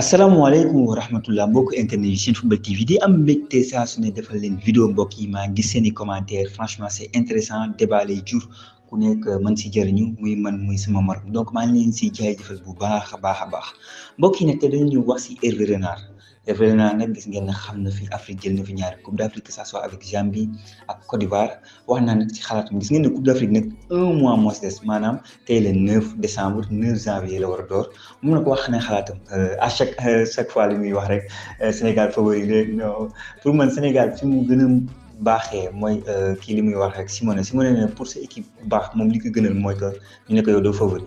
asalaamaaleykum wa rahmatullah mbokk internet yi seen football TV di am mbégte saa su defal leen vidéo mbokk yi maa ngi gis seeni commentaire franchement c'est intéressant débat jur ku nekk man si jëriñu muy man muy sama mar donc maa ni si jaay jëfal bu baax a baax a baax mbokk yi nag te dañu wax si Hervé Renard Evelina nag gis ngeen ne fi Afrique jël na fi ñaari Coupe d'Afrique ça soit avec Zambie ak Côte d'Ivoire wax naa nag ci xalaatam gis ngeen Coupe d'Afrique nag un mois moo si des maanaam le 9 décembre 9 janvier la war door mun na wax ne xalaatam à chaque chaque fois li muy wax rek Sénégal favori la non pour man Sénégal fi mu gën a baaxee mooy li muy wax rek Simone Simone ne pour sa équipe bax mom li ko gënal moy que ñu ne ko yow do favori.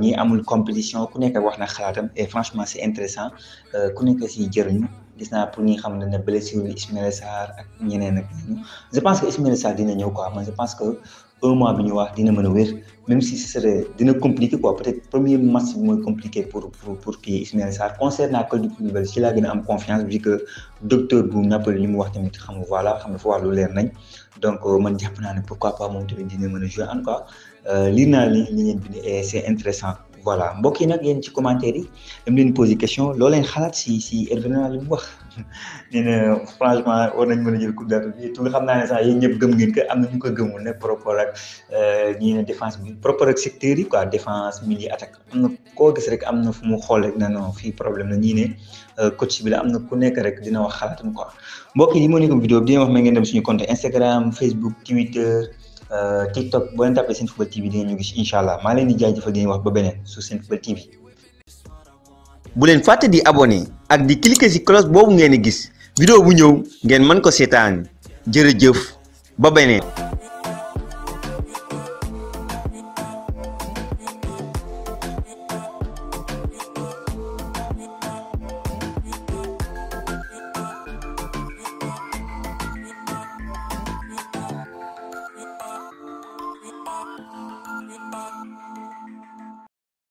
ñi amul compétition ku nekk wax na xalaatam et franchement c'est intéressant ku nekk si jëriñu gis naa pour ñi xam ne ne blessure Ismaël Sarr ak ñeneen ak ñu je pense que Ismaël Sarr dina ñëw quoi man je pense que un mois bi ñu wax dina mën wër même si ce serait dina compliqué quoi peut-être premier match moy compliqué pour pour pour kii Ismaël Sarr concernant Kalidou Koulibaly ci laa gën a am confiance vu que docteur bu Napoli li mu wax tamit xam voilà xam nga fa wax lu leer nañ donc euh, man japp na ne pourquoi pas mom tamit dina mën jouer en tout cas lii li li ngeen c'est intéressant voilà mbokk yi nag yéen ci commentaire yi dam leen poser question loo leen xalaat si si Hervé Renard li mu wax nee na franchement war nañ mën a jël coupe xam naa ne sax ñëpp gëm ngeen que am na ñu ko gëmul ne par rapport ak euh, ñii ne défense bi secteur yi quoi défense milieu attaque am na koo gis rek am na fu mu xool rek na non fii problème na ñii ne euh, coach bi la am na ku nekk rek dina wax xalaatam quoi mbokk yi moo nekkoon vidéo dina wax ma ngeen dem suñu compte Instagram Facebook Twitter Euh, TikTok boo leen tàppee seen football TV di ngeen ñu gis incha allah maa leen di jaajëfal di wax ba beneen su seen football TV. bu leen fàtte di abonné ak di cliquer ci cloche boobu ngeen di gis vidéo bu ñëw ngeen man ko seetaan jërëjëf ba beneen.